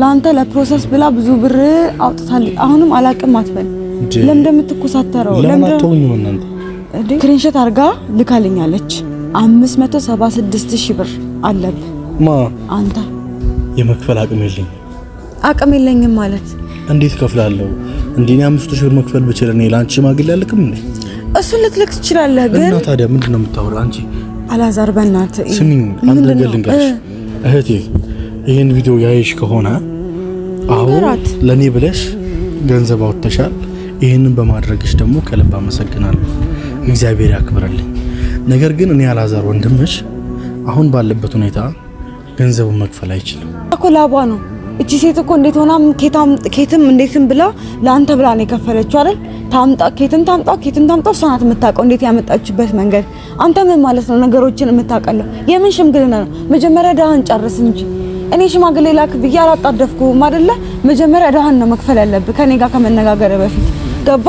ለአንተ ለፕሮሰስ ብላ ብዙ ብር አውጥታል። አሁንም አላቅም አትበል። ለምን እንደምትኮሳተረው ስክሪንሾት አርጋ ልካልኛለች። 576000 ብር አለብ ማ አንተ የመክፈል አቅም የለኝ አቅም የለኝም ማለት እንዴት ከፍላለሁ? እንዴ 5000 ብር መክፈል ብችል እኔ ለአንቺ ሽማግሌ አልልክም እንዴ? እሱን ልትልክ ትችላለህ፣ ግን እና ታዲያ ምንድነው ነው የምታወራው አንቺ? አላዛር በእናትህ ስሚኝ፣ አንድ ነገር ልንገርሽ እህቴ ይህን ቪዲዮ ያይሽ ከሆነ አዎ ለእኔ ብለሽ ገንዘብ አውጥተሻል። ይህንን በማድረግሽ ደግሞ ከልብ አመሰግናለሁ፣ እግዚአብሔር ያክብርልኝ። ነገር ግን እኔ አላዛር ወንድምሽ አሁን ባለበት ሁኔታ ገንዘቡን መክፈል አይችልም እኮ ላቧ ነው። እቺ ሴት እኮ እንዴት ሆናም ኬትም እንዴትም ብላ ለአንተ ብላ ነው የከፈለችው አይደል? ታምጣ ኬትን ታምጣ ኬትን ታምጣ እሷ ናት የምታውቀው እንዴት ያመጣችበት መንገድ። አንተ ምን ማለት ነው ነገሮችን የምታቀለው? የምን ሽምግልና ነው? መጀመሪያ ዳን ጨርስ እንጂ እኔ ሽማግሌ ላክ ብዬ አላጣደፍኩም አይደለ? መጀመሪያ እዳህን ነው መክፈል ያለብህ ከኔ ጋር ከመነጋገር በፊት ገባ?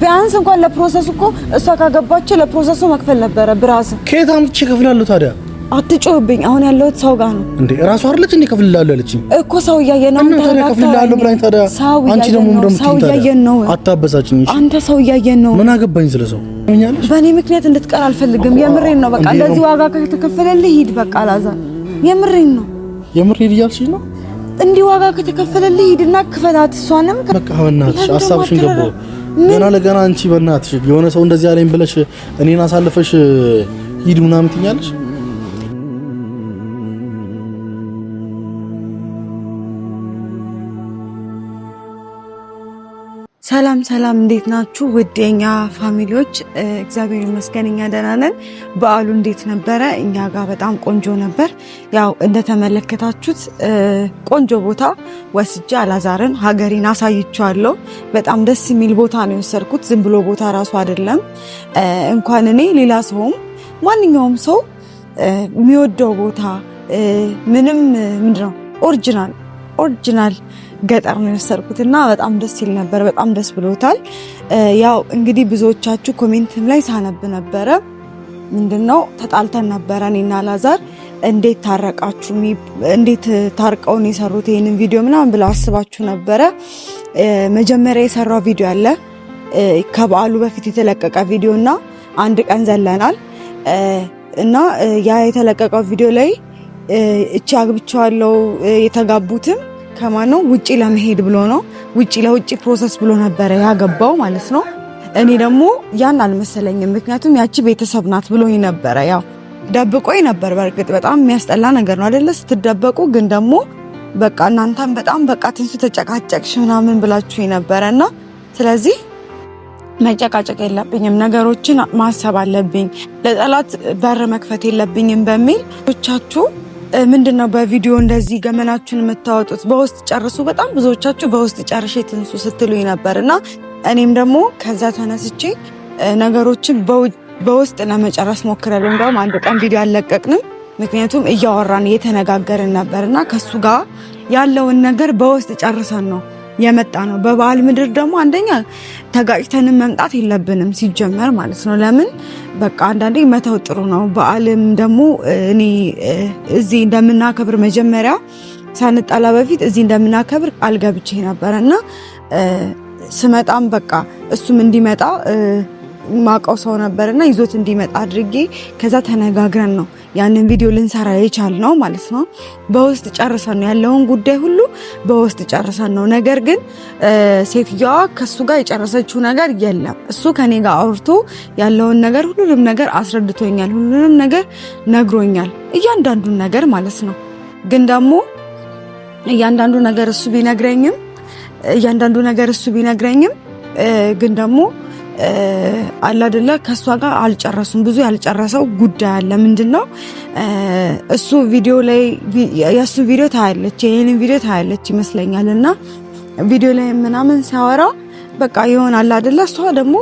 ቢያንስ እንኳን ለፕሮሰሱ እኮ እሷ ካገባች ለፕሮሰሱ መክፈል ነበረ። ብራስ ከየት አምጥቼ እከፍላለሁ ታዲያ? አትጮህብኝ። አሁን ያለሁት ሰው ጋር ነው እንዴ? ራሱ አይደለች እንዴ? እከፍልልሃለሁ ያለችኝ እኮ ሰው እያየን ነው። አንተ ታዲያ እከፍልልሃለሁ ብላኝ፣ ታዲያ ሰው አንቺ ደግሞ ምንድን ነው የምትይኝ? አታበሳጭኝ። አንተ ሰው እያየን ነው። ምን አገባኝ ስለ ሰው። በእኔ ምክንያት እንድትቀር አልፈልግም። የምሬን ነው። በቃ እንደዚህ ዋጋ ከተከፈለልህ ሂድ። በቃ አላዛር፣ የምሬን ነው። የምር ሄድ እያልሽኝ ነው? እንዲህ ዋጋ ከተከፈለልህ ሂድና ክፈላት። እሷንም በቃ በእናትሽ ሀሳብሽን ገባሁ። ገና ለገና አንቺ በእናትሽ የሆነ ሰው እንደዚህ አለኝ ብለሽ እኔን አሳልፈሽ ሂድ ምናምን ትኛለሽ ሰላም ሰላም፣ እንዴት ናችሁ? ውዴኛ ፋሚሊዎች እግዚአብሔር ይመስገን እኛ ደህና ነን። በዓሉ እንዴት ነበረ? እኛ ጋር በጣም ቆንጆ ነበር። ያው እንደተመለከታችሁት ቆንጆ ቦታ ወስጄ አላዛርን ሀገሬን አሳይቼዋለሁ። በጣም ደስ የሚል ቦታ ነው የወሰድኩት። ዝም ብሎ ቦታ ራሱ አይደለም። እንኳን እኔ ሌላ ሰውም ማንኛውም ሰው የሚወደው ቦታ ምንም ምንድነው ኦሪጂናል ኦሪጂናል ገጠር ነው የወሰድኩት እና በጣም ደስ ይል ነበር። በጣም ደስ ብሎታል። ያው እንግዲህ ብዙዎቻችሁ ኮሜንትም ላይ ሳነብ ነበረ ነው ተጣልተን ነበረ እኔና ላዛር እንዴት ታረቃችሁ? እንዴት ታርቀውን የሰሩት ይህንን ቪዲዮ ምናምን ብለው አስባችሁ ነበረ። መጀመሪያ የሰራው ቪዲዮ አለ ከበዓሉ በፊት የተለቀቀ ቪዲዮ እና አንድ ቀን ዘለናል እና ያ የተለቀቀው ቪዲዮ ላይ እቺ አግብቼዋለሁ የተጋቡትም ከማን ነው ውጪ ለመሄድ ብሎ ነው ውጪ ለውጪ ፕሮሰስ ብሎ ነበረ ያገባው ማለት ነው። እኔ ደግሞ ያን አልመሰለኝም፣ ምክንያቱም ያቺ ቤተሰብ ናት ብሎ ነበረ። ያው ደብቆኝ ነበር። በእርግጥ በጣም የሚያስጠላ ነገር ነው አደለ ስትደበቁ ግን ደግሞ በቃ እናንተም በጣም በቃ ትንሱ ተጨቃጨቅሽ ምናምን ብላችሁ ነበረና ስለዚህ መጨቃጨቅ የለብኝም፣ ነገሮችን ማሰብ አለብኝ፣ ለጠላት በር መክፈት የለብኝም በሚል ብቻችሁ ምንድን ነው በቪዲዮ እንደዚህ ገመናችሁን የምታወጡት? በውስጥ ጨርሱ። በጣም ብዙዎቻችሁ በውስጥ ጨርሼ ትንሱ ስትሉኝ ነበር እና እኔም ደግሞ ከዛ ተነስቼ ነገሮችን በውስጥ ለመጨረስ ሞክረል። እንደውም አንድ ቀን ቪዲዮ አልለቀቅንም፣ ምክንያቱም እያወራን እየተነጋገርን ነበር እና ከሱ ጋር ያለውን ነገር በውስጥ ጨርሰን ነው የመጣ ነው። በበዓል ምድር ደግሞ አንደኛ ተጋጭተንም መምጣት የለብንም ሲጀመር ማለት ነው። ለምን በቃ አንዳንዴ መተው ጥሩ ነው። በዓልም ደግሞ እኔ እዚህ እንደምናከብር መጀመሪያ ሳንጠላ በፊት እዚህ እንደምናከብር ቃል ገብቼ እና ስመጣም በቃ እሱም እንዲመጣ ማቀው ሰው ነበርና ይዞት እንዲመጣ አድርጌ ከዛ ተነጋግረን ነው ያንን ቪዲዮ ልንሰራ የቻል ነው ማለት ነው። በውስጥ ጨርሰን ነው ያለውን ጉዳይ ሁሉ በውስጥ ጨርሰን ነው። ነገር ግን ሴትዮዋ ከሱ ጋር የጨረሰችው ነገር የለም። እሱ ከኔ ጋር አውርቶ ያለውን ነገር ሁሉንም ነገር አስረድቶኛል። ሁሉንም ነገር ነግሮኛል፣ እያንዳንዱን ነገር ማለት ነው። ግን ደግሞ እያንዳንዱ ነገር እሱ ቢነግረኝም እያንዳንዱ ነገር እሱ ቢነግረኝም ግን ደግሞ አላደለ ከእሷ ጋር አልጨረሱም። ብዙ ያልጨረሰው ጉዳይ አለ። ምንድን ነው እሱ ቪዲዮ ላይ የእሱ ቪዲዮ ታያለች፣ ይህን ቪዲዮ ታያለች ይመስለኛል። እና ቪዲዮ ላይ ምናምን ሲያወራ በቃ የሆን አላደለ እሷ ደግሞ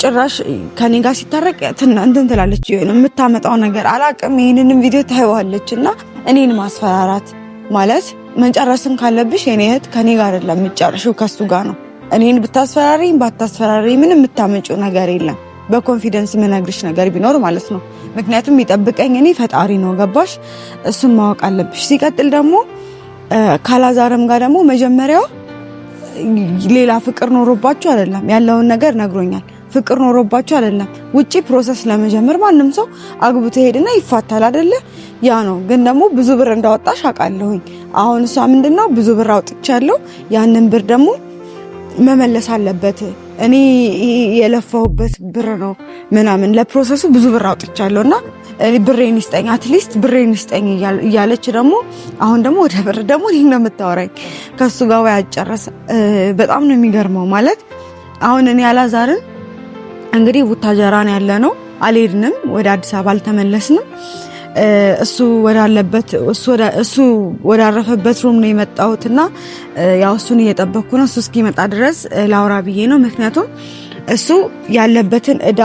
ጭራሽ ከኔ ጋር ሲታረቅ እንትን ትላለች። የምታመጣው ነገር አላቅም። ይህንንም ቪዲዮ ታይዋለች እና እኔን ማስፈራራት ማለት መጨረስን ካለብሽ የኔ እህት ከኔ ጋር አይደለም የምጨርሽው ከሱ ጋር ነው እኔን ብታስፈራሪኝ ባታስፈራሪኝ ምንም የምታመጪው ነገር የለም። በኮንፊደንስ የምነግርሽ ነገር ቢኖር ማለት ነው። ምክንያቱም የሚጠብቀኝ እኔ ፈጣሪ ነው። ገባሽ? እሱን ማወቅ አለብሽ። ሲቀጥል ደግሞ ካላዛርም ጋር ደግሞ መጀመሪያው ሌላ ፍቅር ኖሮባችሁ አይደለም፣ ያለውን ነገር ነግሮኛል። ፍቅር ኖሮባችሁ አይደለም። ውጪ ፕሮሰስ ለመጀመር ማንም ሰው አግብቶ ሄድና ይፋታል አይደለ? ያ ነው። ግን ደግሞ ብዙ ብር እንዳወጣሽ አውቃለሁኝ። አሁን እሷ ምንድነው ብዙ ብር አውጥቻለሁ። ያንን ብር ደግሞ መመለስ አለበት። እኔ የለፋሁበት ብር ነው ምናምን ለፕሮሰሱ ብዙ ብር አውጥቻለሁ እና ብሬን ይስጠኝ፣ አትሊስት ብሬን ይስጠኝ እያለች ደግሞ አሁን ደግሞ ወደ ብር ደግሞ ይህ ነው የምታወራኝ። ከሱ ጋር ወይ አጨረሰ። በጣም ነው የሚገርመው። ማለት አሁን እኔ አላዛርን እንግዲህ ቡታጀራን ያለ ነው አልሄድንም፣ ወደ አዲስ አበባ አልተመለስንም። እሱ ወዳለበት እሱ ወዳረፈበት ሩም ነው የመጣሁት እና ያው እሱን እየጠበቅኩ ነው። እሱ እስኪመጣ ድረስ ላውራ ብዬ ነው። ምክንያቱም እሱ ያለበትን እዳ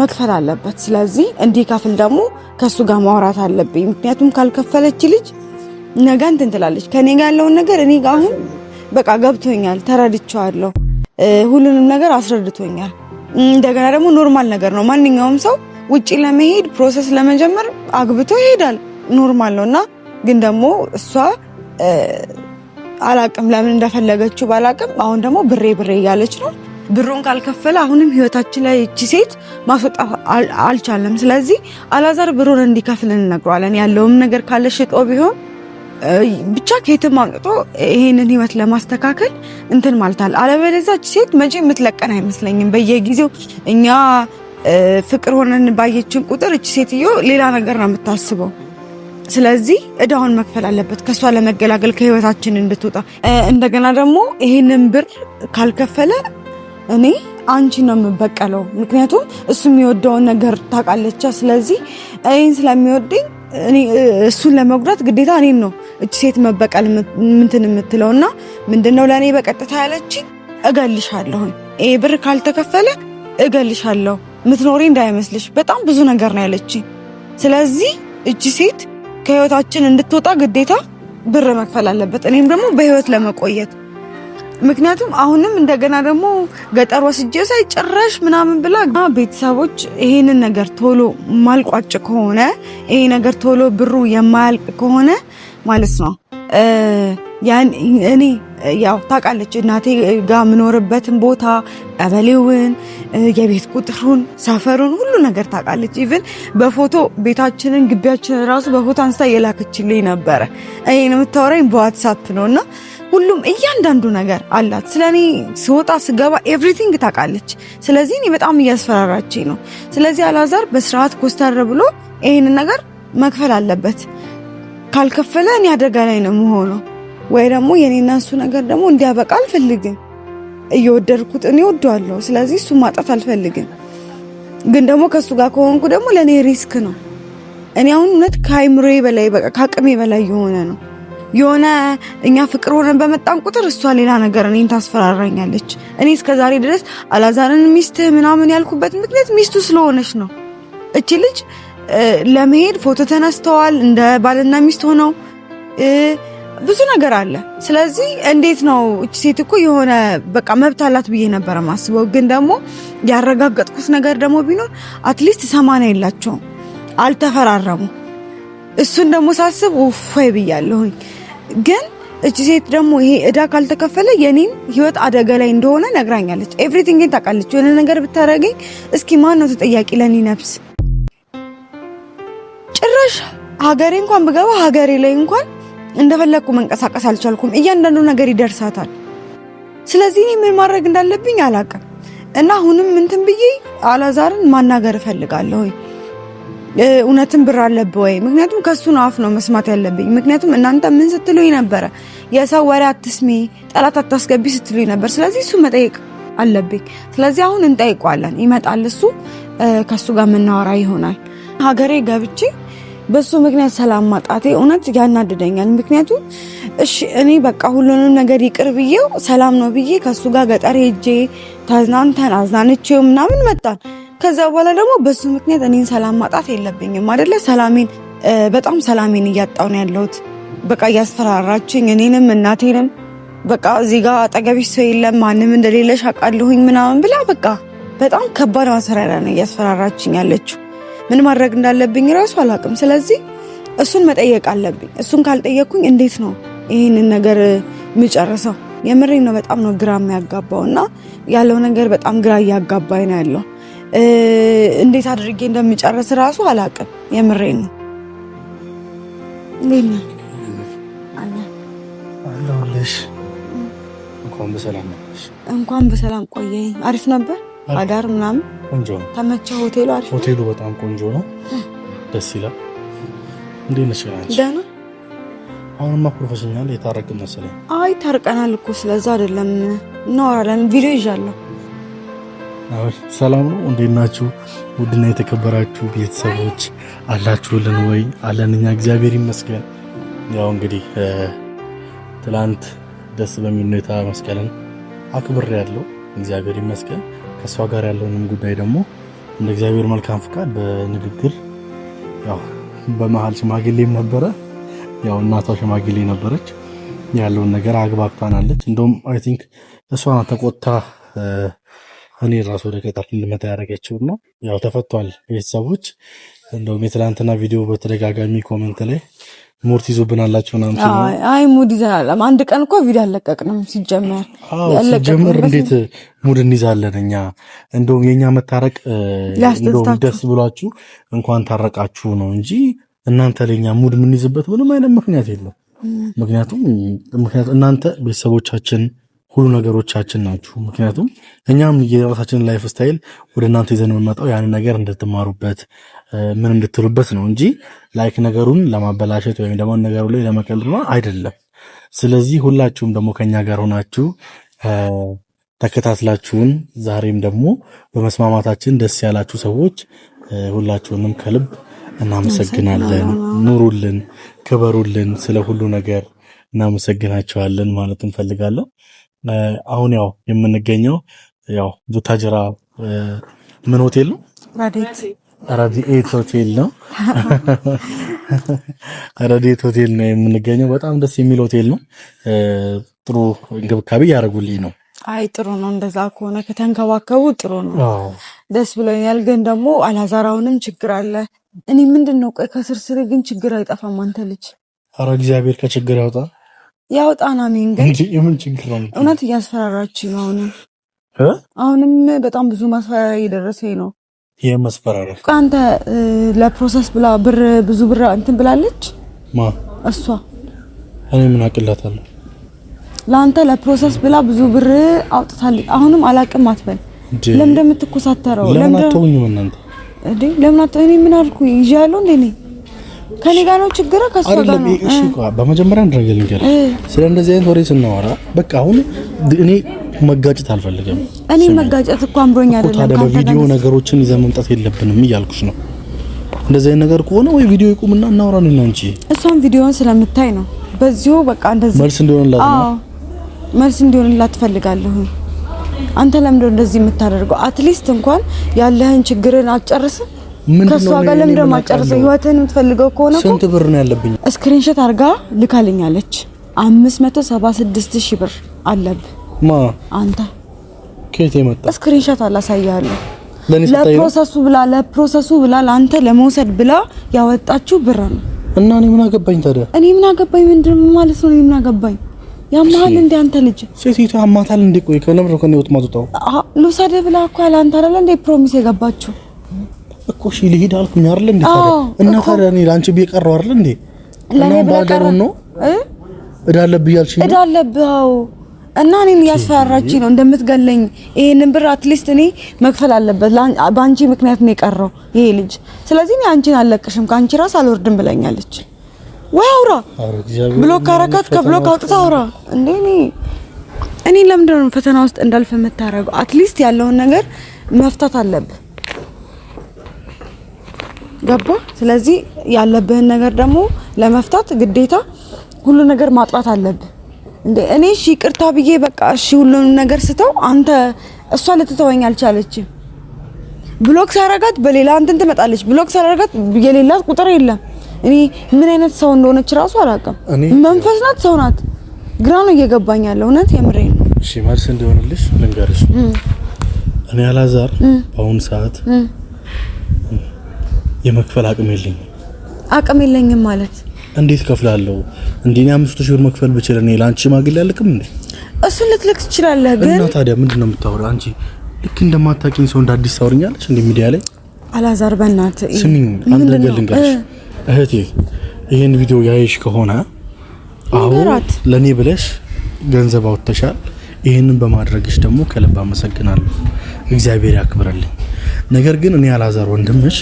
መክፈል አለበት። ስለዚህ እንዲከፍል ደግሞ ከእሱ ጋር ማውራት አለብኝ። ምክንያቱም ካልከፈለች ልጅ ነገ እንትን ትላለች። ከኔ ጋር ያለውን ነገር እኔ ጋር አሁን በቃ ገብቶኛል፣ ተረድቼዋለሁ። ሁሉንም ነገር አስረድቶኛል። እንደገና ደግሞ ኖርማል ነገር ነው ማንኛውም ሰው ውጭ ለመሄድ ፕሮሰስ ለመጀመር አግብቶ ይሄዳል። ኖርማል ነው እና ግን ደግሞ እሷ አላቅም ለምን እንደፈለገችው ባላቅም፣ አሁን ደግሞ ብሬ ብሬ እያለች ነው። ብሩን ካልከፈለ አሁንም ህይወታችን ላይ እቺ ሴት ማስወጣት አልቻለም። ስለዚህ አላዛር ብሩን እንዲከፍል እንነግረዋለን። ያለውም ነገር ካለ ሽጦ ቢሆን ብቻ ከየትም አምጥቶ ይሄንን ህይወት ለማስተካከል እንትን ማልታል። አለበለዚያ እቺ ሴት መቼ የምትለቀን አይመስለኝም። በየጊዜው እኛ ፍቅር ሆነን ባየችን ቁጥር እች ሴትዮ ሌላ ነገር ነው የምታስበው። ስለዚህ እዳውን መክፈል አለበት ከእሷ ለመገላገል ከህይወታችን እንድትወጣ። እንደገና ደግሞ ይህንን ብር ካልከፈለ እኔ አንቺ ነው የምበቀለው። ምክንያቱም እሱ የሚወደውን ነገር ታቃለች ስለዚህ ይህን ስለሚወደኝ እሱን ለመጉዳት ግዴታ እኔን ነው እች ሴት መበቀል ምንትን የምትለው እና ምንድነው ለእኔ በቀጥታ ያለችኝ እገልሻለሁኝ፣ ይሄ ብር ካልተከፈለ እገልሻለሁ ምትኖሪ እንዳይመስልሽ በጣም ብዙ ነገር ነው ያለች። ስለዚህ እቺ ሴት ከህይወታችን እንድትወጣ ግዴታ ብር መክፈል አለበት፣ እኔም ደግሞ በህይወት ለመቆየት ምክንያቱም አሁንም እንደገና ደግሞ ገጠር ወስጄ ሳይ ጭራሽ ምናምን ብላ ቤተሰቦች ይሄንን ነገር ቶሎ ማልቋጭ ከሆነ ይሄ ነገር ቶሎ ብሩ የማያልቅ ከሆነ ማለት ነው እኔ ያው ታውቃለች እናቴ ጋር የምኖርበትን ቦታ ቀበሌውን፣ የቤት ቁጥሩን፣ ሰፈሩን ሁሉ ነገር ታውቃለች። ኢቭን በፎቶ ቤታችንን፣ ግቢያችንን ራሱ በፎቶ አንስታ የላከችልኝ ነበረ። እኔን የምታወራኝ በዋትሳፕ ነው እና ሁሉም እያንዳንዱ ነገር አላት። ስለ እኔ ስወጣ ስገባ ኤቭሪቲንግ ታውቃለች። ስለዚህ እኔ በጣም እያስፈራራችኝ ነው። ስለዚህ አላዛር በስርዓት ኮስተር ብሎ ይህንን ነገር መክፈል አለበት። ካልከፈለ እኔ አደጋ ላይ ነው መሆነው ወይ ደግሞ የኔና እሱ ነገር ደግሞ እንዲያበቃ አልፈልግም። እየወደድኩት እኔ ወደዋለሁ። ስለዚህ እሱ ማጣት አልፈልግም። ግን ደግሞ ከእሱ ጋር ከሆንኩ ደግሞ ለእኔ ሪስክ ነው። እኔ አሁን እውነት ከአይምሬ በላይ በቃ ከአቅሜ በላይ የሆነ ነው የሆነ እኛ ፍቅር ሆነን በመጣን ቁጥር እሷ ሌላ ነገር እኔን ታስፈራራኛለች። እኔ እስከ ዛሬ ድረስ አላዛርን ሚስት ምናምን ያልኩበት ምክንያት ሚስቱ ስለሆነች ነው። እቺ ልጅ ለመሄድ ፎቶ ተነስተዋል እንደ ባልና ሚስት ሆነው ብዙ ነገር አለ። ስለዚህ እንዴት ነው እች ሴት እኮ የሆነ በቃ መብት አላት ብዬ ነበረ ማስበው። ግን ደግሞ ያረጋገጥኩት ነገር ደግሞ ቢኖር አትሊስት ሰማንያ የላቸውም አልተፈራረሙ። እሱን ደግሞ ሳስብ ውፋይ ብያለሁኝ። ግን እች ሴት ደግሞ ይሄ እዳ ካልተከፈለ የኔም ህይወት አደጋ ላይ እንደሆነ ነግራኛለች። ኤቭሪቲንግን ታውቃለች። የሆነ ነገር ብታደርገኝ እስኪ ማን ነው ተጠያቂ ለኔ ነፍስ? ጭራሽ ሀገሬ እንኳን ብገባ ሀገሬ ላይ እንኳን እንደፈለግኩ መንቀሳቀስ አልቻልኩም። እያንዳንዱ ነገር ይደርሳታል። ስለዚህ እኔ ምን ማድረግ እንዳለብኝ አላቅም እና አሁንም እንትን ብዬ አላዛርን ማናገር እፈልጋለሁ። እውነትም ብር አለብ ወይ? ምክንያቱም ከሱን አፍ ነው መስማት ያለብኝ። ምክንያቱም እናንተ ምን ስትሉኝ ነበረ? የሰው ወሬ አትስሚ፣ ጠላት አታስገቢ ስትሉኝ ነበር። ስለዚህ እሱ መጠየቅ አለብኝ። ስለዚህ አሁን እንጠይቋለን። ይመጣል እሱ፣ ከሱ ጋር መናወራ ይሆናል። ሀገሬ ገብቼ በሱ ምክንያት ሰላም ማጣቴ እውነት ያናድደኛል። ምክንያቱም እሺ እኔ በቃ ሁሉንም ነገር ይቅር ብዬው ሰላም ነው ብዬ ከሱ ጋር ገጠር ሄጄ ተዝናንተን አዝናንቼው ምናምን መጣን። ከዛ በኋላ ደግሞ በሱ ምክንያት እኔን ሰላም ማጣት የለብኝም አደለ? ሰላሜን በጣም ሰላሜን እያጣው ነው ያለሁት። በቃ እያስፈራራችኝ እኔንም እናቴንም በቃ እዚህ ጋር አጠገብሽ ሰው የለም ማንም እንደሌለሽ አውቃለሁኝ ምናምን ብላ በቃ በጣም ከባድ ማሰራሪያ ነው እያስፈራራችኝ ያለችው። ምን ማድረግ እንዳለብኝ ራሱ አላውቅም። ስለዚህ እሱን መጠየቅ አለብኝ። እሱን ካልጠየቅኩኝ እንዴት ነው ይህንን ነገር የሚጨርሰው? የምሬ ነው። በጣም ነው ግራ የሚያጋባው እና ያለው ነገር በጣም ግራ እያጋባኝ ነው ያለው። እንዴት አድርጌ እንደሚጨርስ ራሱ አላውቅም። የምሬ ነው። እንኳን በሰላም ቆየ አሪፍ ነበር። አዳር ምናምን ቆንጆ ነው። ተመቸ ሆቴሉ? አሪፍ ሆቴሉ በጣም ቆንጆ ነው። ደስ ይላል። እንዴት ነሽ? ደህና አሁንማ ፕሮፌሽናል የታረቅን መሰለኝ። አይ ታርቀናል እኮ ስለዛ አይደለም እናወራለን። ቪዲዮ ይዣለሁ። ሰላም ነው። እንዴት ናችሁ? ውድና የተከበራችሁ ቤተሰቦች አላችሁልን ወይ? አለን እኛ እግዚአብሔር ይመስገን። ያው እንግዲህ ትላንት ደስ በሚል ሁኔታ መስቀልን አክብሬ ያለው እግዚአብሔር ይመስገን። ከእሷ ጋር ያለውንም ጉዳይ ደግሞ እንደ እግዚአብሔር መልካም ፍቃድ በንግግር ያው በመሀል ሽማግሌም ነበረ። ያው እናቷ ሽማግሌ ነበረች። ያለውን ነገር አግባብታናለች። እንደውም አይ ቲንክ እሷ ናት ተቆጥታ እኔ ራሱ ወደ ገጠር እንድመጣ ያደረገችው ነው። ያው ተፈቷል ቤተሰቦች እንደውም የትናንትና ቪዲዮ በተደጋጋሚ ኮመንት ላይ ሙድ ትይዙብናላችሁ ምናምን ሲሉ፣ አይ ሙድ ይዘናል። አንድ ቀን እኮ ቪዲዮ አለቀቅንም። ሲጀመር ሲጀመር እንዴት ሙድ እንይዛለን እኛ? እንደውም የእኛ መታረቅ እንደውም ደስ ብሏችሁ እንኳን ታረቃችሁ ነው እንጂ እናንተ ለእኛ ሙድ የምንይዝበት ምንም አይነት ምክንያት የለም። ምክንያቱም እናንተ ቤተሰቦቻችን ሁሉ ነገሮቻችን ናችሁ። ምክንያቱም እኛም የራሳችንን ላይፍ ስታይል ወደ እናንተ ይዘን የምንመጣው ያንን ነገር እንድትማሩበት ምን እንድትሉበት ነው እንጂ ላይክ ነገሩን ለማበላሸት ወይም ደግሞ ነገሩ ላይ ለመቀል አይደለም። ስለዚህ ሁላችሁም ደግሞ ከኛ ጋር ሆናችሁ ተከታትላችሁን ዛሬም ደግሞ በመስማማታችን ደስ ያላችሁ ሰዎች ሁላችሁንም ከልብ እናመሰግናለን። ኑሩልን፣ ክበሩልን፣ ስለ ሁሉ ነገር እናመሰግናቸዋለን ማለት እንፈልጋለን። አሁን ያው የምንገኘው ያው ቡታጅራ ምን ሆቴል ነው? ረዲኤት ሆቴል ነው። ረዲኤት ሆቴል ነው የምንገኘው። በጣም ደስ የሚል ሆቴል ነው። ጥሩ እንክብካቤ እያደረጉልኝ ነው። አይ ጥሩ ነው። እንደዛ ከሆነ ከተንከባከቡ ጥሩ ነው። ደስ ብሎኛል። ግን ደግሞ አላዛራውንም ችግር አለ። እኔ ምንድን ነው ቆይ ከስር ስር ግን ችግር አይጠፋም። አንተ ልጅ አረ እግዚአብሔር ከችግር ያውጣ ያውጣና። እኔን ግን የምን ችግር ነው? እውነት እያስፈራራችኝ ነው። አሁንም አሁንም በጣም ብዙ ማስፈራሪያ እየደረሰኝ ነው የመስፈራራት አንተ ለፕሮሰስ ብላ ብር ብዙ ብር እንትን ብላለች። ማ እሷ እኔ ምን አቅላታለሁ? ለአንተ ለፕሮሰስ ብላ ብዙ ብር አውጥታለች። አሁንም አላቅም አትበል። ለምን እንደምትኮሳተረው ለምን አትሆኝም እናንተ? እንዴ ለምን አትሆኝም? ምን አልኩ ይዤ እንዴ እንዴ ከኔ ጋር ነው ችግር፣ ከሷ ጋር ነው። እሺ እኮ በመጀመሪያ እንደረገል ነገር ስለ እንደዚህ አይነት ወሬ ስናወራ በቃ አሁን እኔ መጋጨት አልፈልግም። እኔ መጋጨት እኮ አምሮኝ አይደለም። ታዲያ በቪዲዮ ነገሮችን ይዘን መምጣት የለብንም እያልኩሽ ነው። እንደዚህ አይነት ነገር ከሆነ ወይ ቪዲዮ ይቁምና እናወራን ነው እንጂ እሷም ቪዲዮውን ስለምታይ ነው። በዚሁ በቃ እንደዚህ መልስ እንዲሆንላት ነው። አዎ መልስ እንዲሆንላት ትፈልጋለሁ። አንተ ለምንድነው እንደዚህ የምታደርገው? አትሊስት እንኳን ያለህን ችግርን አትጨርስም ከእሷ ጋር ለምን ደግሞ አጨርሰው? ህይወትህን የምትፈልገው ከሆነ ስንት ብር ነው ያለብኝ? ስክሪንሾት አድርጋ ልካልኛለች። 576 ሺህ ብር አለብህ። ማ አንተ ከየት የመጣ ስክሪንሾት አላሳያለሁ። ለፕሮሰሱ ብላ ለፕሮሰሱ ብላ ለአንተ ለመውሰድ ብላ ያወጣችው ብር ነው። እና እኔ ምን አገባኝ ታዲያ? እኔ ምን አገባኝ ምንድን ማለት ነው? እኔ ምን አገባኝ? ያማል እንደ አንተ ልጅ ሴቲቱ አማታል እንደ ቆይ ከነብሮ ከነውት ማጥጣው ልውሰድህ ብላ እኮ ያለ አንተ አይደለ እንደ ፕሮሚስ የገባችው እኮ እሺ ልሂድ አልኩኝ አይደል እንዴ? እና ታዲያ እኔ ለአንቺ ብዬ ቀረው አይደል እንዴ? ለኔ ብለቀረ ነው እዳለብህ ያልሽኝ እዳለብህ። አዎ እና እኔን እያስፈራራች ነው እንደምትገለኝ። ይሄንን ብር አትሊስት እኔ መክፈል አለበት። በአንቺ ምክንያት ነው የቀረው ይሄ ልጅ። ስለዚህ እኔ አንቺን አልለቅሽም፣ ከአንቺ ራስ አልወርድም ብለኛለች። ወይ አውራ ብሎክ ካረካት ከብሎክ አውጥታ አውራ እንዴ እኔ እኔ ለምንድን ነው ፈተና ውስጥ እንዳልፍ የምታረገው? አትሊስት ያለውን ነገር መፍታት አለብህ። ገባ። ስለዚህ ያለብህን ነገር ደግሞ ለመፍታት ግዴታ ሁሉ ነገር ማጥራት አለብህ። እንዴ እኔ እሺ ይቅርታ ብዬ በቃ እሺ ሁሉንም ነገር ስተው አንተ እሷ ልትተወኝ አልቻለችም። ብሎክ ሳረጋት በሌላ እንትን ትመጣለች። ብሎክ ሳረጋት የሌላት ቁጥር የለም። እኔ ምን አይነት ሰው እንደሆነች ራሱ አላውቅም። መንፈስ ናት ሰው ናት? ግራ ነው እየገባኝ ያለው። እውነት የምሬ ነው። እሺ መልስ እንዲሆንልሽ ልንገርሽ። እኔ አላዛር በአሁኑ ሰዓት የመክፈል አቅም የለኝም። አቅም የለኝም ማለት እንዴት ከፍላለሁ? እንዴ እኔ አምስት ሺህ ብር መክፈል ብችል እኔ ላንቺ ማግል አልክም እንዴ? እሱን ልትልክ ትችላለህ። ግን እና ታዲያ ምንድነው ነው የምታወራው አንቺ? ልክ እንደማታውቂኝ ሰው እንደ አዲስ ታወሪኛለሽ እንዴ ሚዲያ ላይ? አላዛር በእናትህ ስሚኝ፣ አንድ ነገር ልንገርሽ እህቴ። ይሄን ቪዲዮ ያየሽ ከሆነ አሁን ለኔ ብለሽ ገንዘብ አውጥተሻል። ይሄንን በማድረግሽ ደግሞ ከልብ አመሰግናለሁ። እግዚአብሔር ያክብረልኝ። ነገር ግን እኔ አላዛር ወንድምሽ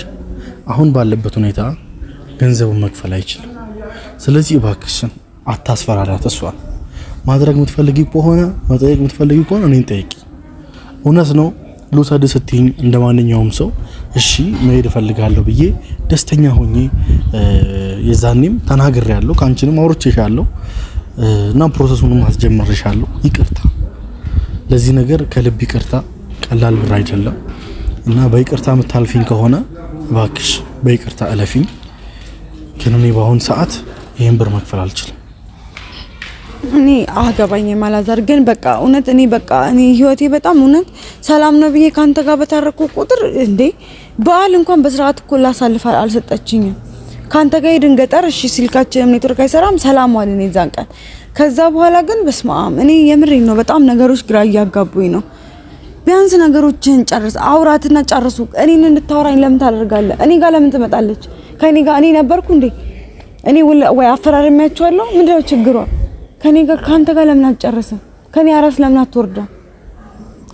አሁን ባለበት ሁኔታ ገንዘቡን መክፈል አይችልም። ስለዚህ እባክሽን አታስፈራራት። እሷን ማድረግ የምትፈልጊ ከሆነ መጠየቅ የምትፈልጊ ከሆነ እኔን ጠይቂ። እውነት ነው ልውሰድ ስትይኝ እንደ ማንኛውም ሰው እሺ መሄድ እፈልጋለሁ ብዬ ደስተኛ ሆኜ የዛኔም ተናግሬያለሁ፣ ከአንቺንም አውርቼሻለሁ እና ፕሮሰሱንም አስጀምሬሻለሁ። ይቅርታ ለዚህ ነገር ከልብ ይቅርታ። ቀላል ብር አይደለም እና በይቅርታ የምታልፊኝ ከሆነ እባክሽ በይቅርታ እለፊኝ፣ ግን እኔ በአሁኑ ሰዓት ይህን ብር መክፈል አልችልም። እኔ አገባኝም አላዛር፣ ግን በቃ እውነት እኔ በቃ እኔ ህይወቴ በጣም እውነት ሰላም ነው ብዬ ከአንተ ጋር በታረኩ ቁጥር እንዴ በዓል እንኳን በስርዓት እኮ ላሳልፍ አልሰጠችኝም። ከአንተ ጋር ሄድን ገጠር፣ እሺ ስልካችንም ኔትወርክ አይሰራም፣ ሰላም ዋልን የዛን ቀን። ከዛ በኋላ ግን በስማም እኔ የምሬ ነው፣ በጣም ነገሮች ግራ እያጋቡኝ ነው። ቢያንስ ነገሮችን ጨርስ፣ አውራትና ጨርሱ። እኔን እንድታወራኝ ለምን ታደርጋለ? እኔ ጋር ለምን ትመጣለች? ከኔ ጋር እኔ ነበርኩ እንዴ? እኔ ወይ አፈራርሚያቸዋለሁ። ምንድነው ችግሯ? ከኔ ጋር ካንተ ጋር ለምን አትጨርስም? ከኔ ራስ ለምን አትወርድም?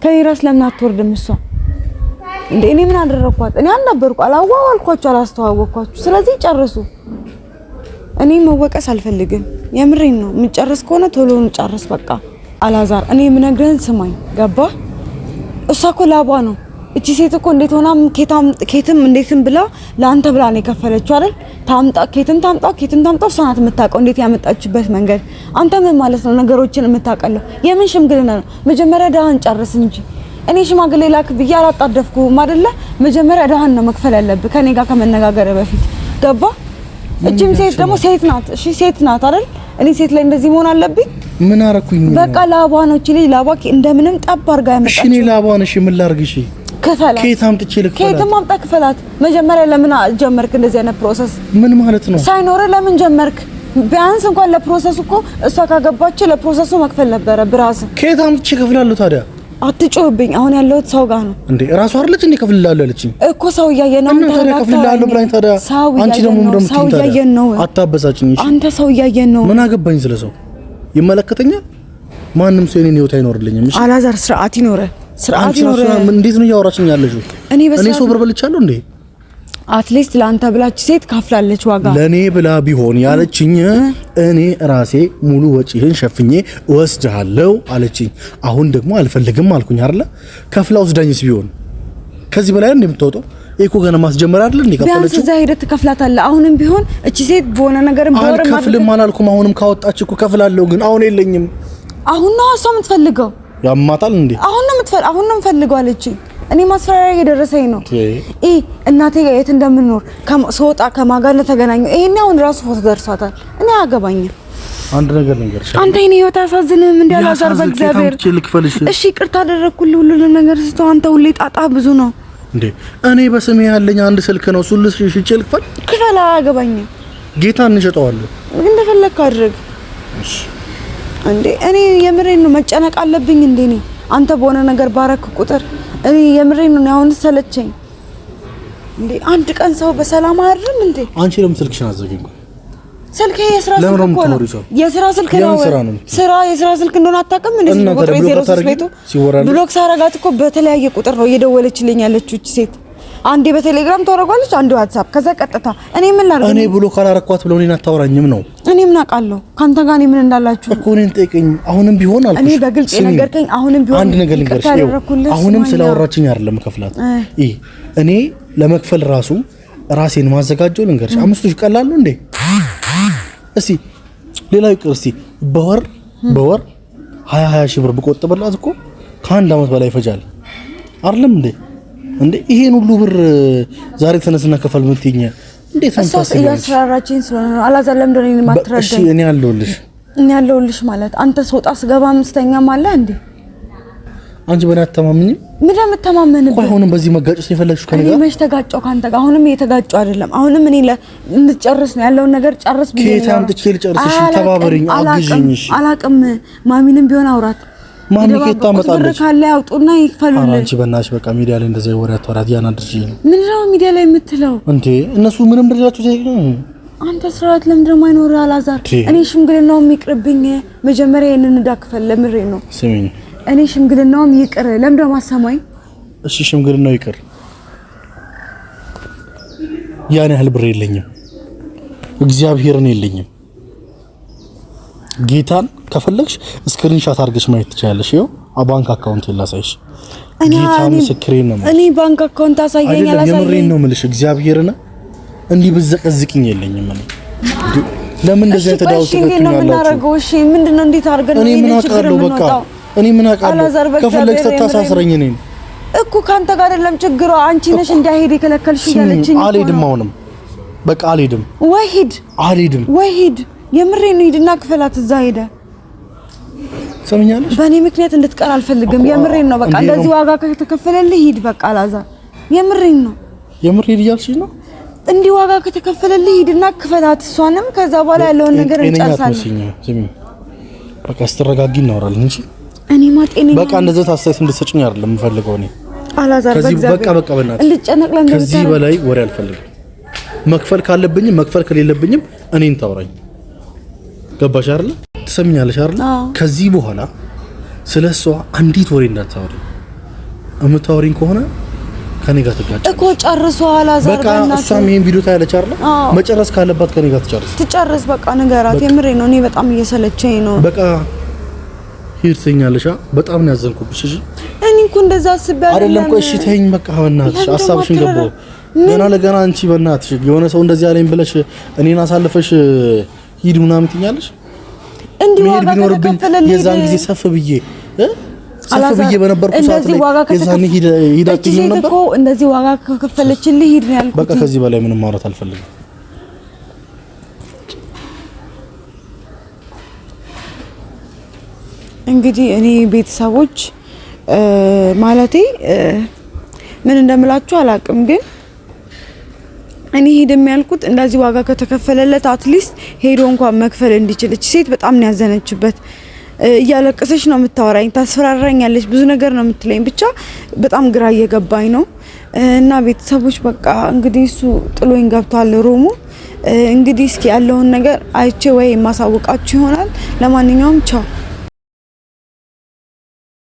ከኔ ራስ ለምን አትወርድም? እሷ እንዴ እኔ ምን አደረኳት? እኔ አልነበርኩ፣ አላዋዋልኳችሁ፣ አላስተዋወቅኳችሁ። ስለዚህ ጨርሱ። እኔ መወቀስ አልፈልግም። የምሬን ነው። የምጨርስ ከሆነ ቶሎ ጨርስ። በቃ አላዛር፣ እኔ የምነግርህን ስማኝ። ገባ እሷ እኮ ላቧ ነው። እቺ ሴት እኮ እንዴት ሆናም ኬትም እንዴትም ብላ ለአንተ ብላ ነው የከፈለችው አይደል? ታምጣ ኬትም ታምጣ ኬትም ታምጣ እሷ ናት የምታውቀው እንዴት ያመጣችበት መንገድ። አንተ ምን ማለት ነው ነገሮችን የምታቀለው? የምን ሽምግልና ነው? መጀመሪያ ዳህን ጨርስ እንጂ እኔ ሽማግሌ ላክ ብዬ አላጣደፍኩም አይደለ? መጀመሪያ ዳህን ነው መክፈል ያለብህ ከኔ ጋር ከመነጋገር በፊት ገባ? እችም ሴት ደግሞ ሴት ናት። እሺ ሴት ናት አይደል? እኔ ሴት ላይ እንደዚህ መሆን አለብኝ? ምን አረኩኝ? በቃ ላባ ነው እቺ ልጅ ላባ እንደምንም ጠብ አርጋ ያመጣች። እሺ እኔ ላባ ነሽ ምን ላርግ? እሺ ክፈላት። ከየት አምጥቼ ልክፈላት? ከየትም አምጣ ክፈላት። መጀመሪያ ለምን ጀመርክ እንደዚህ አይነት ፕሮሰስ? ምን ማለት ነው? ሳይኖር ለምን ጀመርክ? ቢያንስ እንኳን ለፕሮሰሱ እኮ እሷ ካገባች ለፕሮሰሱ መክፈል ነበረ ብራስ። ከየት አምጥቼ እከፍላለሁ ታዲያ? አትጮህብኝ። አሁን ያለሁት ሰው ጋር ነው እንዴ? ራሱ አይደለች እንዴ? ከፍልልሃለሁ ያለችኝ? እኮ ሰው እያየን ነው። እና ታዲያ ከፍልልሃለሁ ብላኝ፣ ታዲያ አንቺ ደግሞ ምን እንደምትይኝ ታዲያ አታበሳጭኝ። አንተ ሰው እያየን ነው። ምን አገባኝ ስለ ሰው ይመለከተኛል። ማንም ሰው የኔን ህይወት አይኖርልኝም። እሺ አላዛር፣ ስርዓት ይኖረ፣ ስርዓት ይኖረ። እንዴት ነው እያወራችኝ ያለሽ? እኔ እኔ ሶብር በልቻለሁ እንዴ? አትሊስት ለአንተ ብላች ሴት ካፍላለች ዋጋ። ለኔ ብላ ቢሆን ያለችኝ እኔ ራሴ ሙሉ ወጪህን ሸፍኜ እወስድሃለሁ አለችኝ። አሁን ደግሞ አልፈልግም አልኩኝ አይደለ? ከፍላ ወስዳኝስ ቢሆን ከዚህ በላይ እንደምትወጣው እኮ ገና ማስጀመር አይደል እንዴ? ከፈለች ቢያንስ እዛ ሄደህ ትከፍላታለህ። አሁንም ቢሆን እቺ ሴት በሆነ ነገር ቢሆን አልከፍልም አላልኩም። አሁንም ካወጣች እኮ ከፍላለሁ፣ ግን አሁን የለኝም። አሁን ነው እሷ የምትፈልገው። ያማታል እንዴ? አሁን ነው የምትፈልገው። አሁን ነው የምትፈልገው አለችኝ። እኔ ማስፈራሪያ እየደረሰኝ ነው። እ እናቴ ጋር የት እንደምንኖር ስወጣ ከማጋለ ተገናኙ። እንደተገናኘሁ ይሄን አሁን ራሱ ፎቶ ደርሷታል። እኔ አያገባኝም። አንድ ነገር ልንገርሽ፣ አንተ የእኔ ህይወት አያሳዝንም እንዴ? አላዛር በእግዚአብሔር እሺ፣ ይቅርታ አደረግኩልህ ሁሉንም ነገር ስተው። አንተ ሁሌ ጣጣ ብዙ ነው እንዴ እኔ በስሜ ያለኝ አንድ ስልክ ነው። እሱን ልሽጬ ልክፈል? ክፈል፣ አያገባኝም። ጌታ እንሸጠዋለሁ፣ እንደፈለግህ አድርግ። እንዴ እኔ የምሬን ነው። መጨነቅ አለብኝ እንዴ? እኔ አንተ በሆነ ነገር ባረክ ቁጥር እኔ የምሬን ነው። አሁን ሰለቸኝ እንዴ። አንድ ቀን ሰው በሰላም አያድርም እንዴ? አንቺ ለምን ስልክሽን አዘግኝ? ስልክ የስራ ስልክ ነው። የስራ ስልክ ነው። ስራ የስራ ስልክ እንደሆነ አታውቅም። እንደዚህ ቁጥር ዜሮ ሦስት ቤቱ ብሎክ ሳረጋት እኮ በተለያየ ቁጥር ነው እየደወለችልኝ ያለችው ሴት። አንዴ በቴሌግራም ታወራጓለች፣ አንዴ ዋትሳፕ፣ ከዛ ቀጥታ። እኔ ምን ላድርግ? እኔ ብሎክ አላረኳት ብለው እኔን አታወራኝም ነው። እኔ ምን አውቃለሁ ካንተ ጋር እኔ ምን እንዳላችሁ እኮ እኔን ጠይቀኝ። አሁንም ቢሆን አልኩሽ፣ እኔ በግልጽ ነገርከኝ። አሁንም ቢሆን አንድ ነገር ልንገርሽ፣ አሁንም ስላወራችኝ አይደለም ከፍላት። ይሄ እኔ ለመክፈል ራሱ ራሴን ማዘጋጀው ልንገርሽ፣ አምስቱ ቀላል ነው እንዴ እስቲ ሌላ ይቅር። እስቲ በወር በወር 20 20 ሺህ ብር ብቆጥብላት እኮ ከአንድ አመት በላይ ይፈጃል። አይደለም እንዴ? እንዴ ይሄን ሁሉ ብር ዛሬ ተነስና ከፈል ምትኛ እንዴት አንታስብ? እያስፈራራችኝ ስለሆነ ነው። አላዛለም እንደሆነ እኔን እሺ እኔ አለሁልሽ፣ እኔ አለሁልሽ ማለት አንተ ስወጣ ስገባ ምስተኛ ማለት እንዴ አንቺ በእኔ አትተማመኝም? ምን ቆይ፣ አሁንም በዚህ መጋጨት የፈለግሽው ከኔ ጋር? መች ተጋጨው ካንተ ጋር? አሁንም እየተጋጨው አይደለም። አሁንም እኔ እንድጨርስ ነው ያለውን ነገር ጨርስ ብዬ ነው። ከታም ትቼ ልጨርስሽ። ተባበሪኝ፣ አግዥኝ። እሺ አላቅም። ማሚንም ቢሆን አውራት። ማሚ ከታ መጣለች። ብር ካለ ያውጡና ይፈሉልኝ። አንቺ በእናትሽ በቃ ሚዲያ ላይ እንደዛ ወሬ አታወራት። ያን አድርጂ። ምን ነው ሚዲያ ላይ የምትለው እንዴ? እነሱ ምንም ብላችሁ ዘይቁ አንተ ስርዓት ለምንድን ነው የማይኖር? አላዛር እኔ ሽምግልናው የሚቅርብኝ መጀመሪያ ይሄንን እንዳክፈል ለምሬ ነው። ስሚኝ እኔ ሽምግልናውም ይቅር። ለምን ደግሞ እሺ ሽምግልናው ይቅር። ያን ያህል ብር የለኝም፣ እግዚአብሔርን የለኝም። ጌታን ከፈለግሽ ስክሪንሻት አድርገሽ ማየት ትችላለሽ። ይኸው ባንክ አካውንት ላሳይሽ። ጌታን ምስክሬ ነው። እኔ ባንክ አካውንት አሳየኝ አላሳየኝ። የምሬን ነው የምልሽ። እግዚአብሔርን እንዲህ ብዘቀዝቅኝ የለኝም እኔ ለምን እንደዚህ ተዳውስ ነው ያለው? እሺ ምንድነው? እንዴት አድርገን ነው ችግር የምንወጣው? እኔ ምን አውቃለሁ? ከፈለግሽ ተታሳስረኝ ነኝ እኮ ካንተ ጋር አይደለም ችግሯ። አንቺ ነሽ እንዳይሄድ የከለከልሽ እያለችኝ። አልሄድም፣ አሁንም በቃ አልሄድም። ወይ ሂድ፣ አልሄድም። ወይ ሂድ፣ የምሬን ነው። ሂድና ክፈላት፣ እዛ ሄደ ሰምኛለሽ። በእኔ ምክንያት እንድትቀር አልፈልግም። የምሬን ነው። በቃ እንደዚህ ዋጋ ከተከፈለልህ ሂድ። በቃ አላዛር፣ የምሬን ነው። የምሬን እያልሽኝ ነው? እንዲህ ዋጋ ከተከፈለልህ ሂድና ክፈላት፣ እሷንም። ከዛ በኋላ ያለውን ነገር እንጨርሳለን። በቃ ስትረጋጊ እናወራለን እንጂ እኔ ማጤኔ በቃ እንደዛ አስተያየት እንድትሰጭኝ አይደለም የምፈልገው። እኔ አላዛር በቃ በቃ በእናትህ እንድጨነቅ ለምን ከዚህ በላይ ወሬ አልፈልግም። መክፈል ካለብኝም መክፈል ከሌለብኝም እኔን ታውራኝ። ገባሽ ትሰሚኛለሽ ከዚህ በኋላ ስለ እሷ አንዲት ወሬ እንዳታወሪ። እምታወሪኝ ከሆነ ከኔ ጋር ትጋጭ እኮ ጨርሷል። አዛር በቃ እሷም ይሄን ቪዲዮ ታያለች አይደል? መጨረስ ካለባት ከኔ ጋር ትጨርስ ትጨርስ። በቃ ንገራት። የምሬ ነው። እኔ በጣም እየሰለቸኝ ነው በቃ ሂድ ትይኛለሽ። በጣም ነው ያዘንኩብሽ። እሺ እኔ እኮ እንደዛ አስቤ አይደለም እኮ። እሺ ተይኝ በቃ በእናትሽ፣ ሀሳብሽን ገባሁ። ገና ለገና አንቺ በእናትሽ የሆነ ሰው እንደዚህ አለኝ ብለሽ እኔን አሳልፈሽ ሂድ ምናምን ትይኛለሽ። እንዲሁ ዋጋ ከተከፈለልኝ የዛን ጊዜ ሰፍ ብዬ ሰፍ ብዬ በነበርኩ ሰዓት ላይ ሂድ ሂዳችሁ ነበር። እንደዚህ ዋጋ ከከፈለችልህ ሂድ ነው ያልኩት። በቃ ከዚህ በላይ ምንም ማውራት አልፈልግም። እንግዲህ እኔ ቤተሰቦች ማለቴ ምን እንደምላችሁ አላቅም ግን እኔ ሄድም ያልኩት እንደዚህ ዋጋ ከተከፈለለት አትሊስት ሄዶ እንኳን መክፈል እንዲችልች ሴት በጣም ነው ያዘነችበት። እያለቀሰች ነው የምታወራኝ፣ ታስፈራራኛለች፣ ብዙ ነገር ነው የምትለኝ። ብቻ በጣም ግራ እየገባኝ ነው። እና ቤተሰቦች በቃ እንግዲህ እሱ ጥሎኝ ገብቷል ሮሙ። እንግዲህ እስኪ ያለውን ነገር አይቼ ወይ የማሳውቃችሁ ይሆናል። ለማንኛውም ቻው።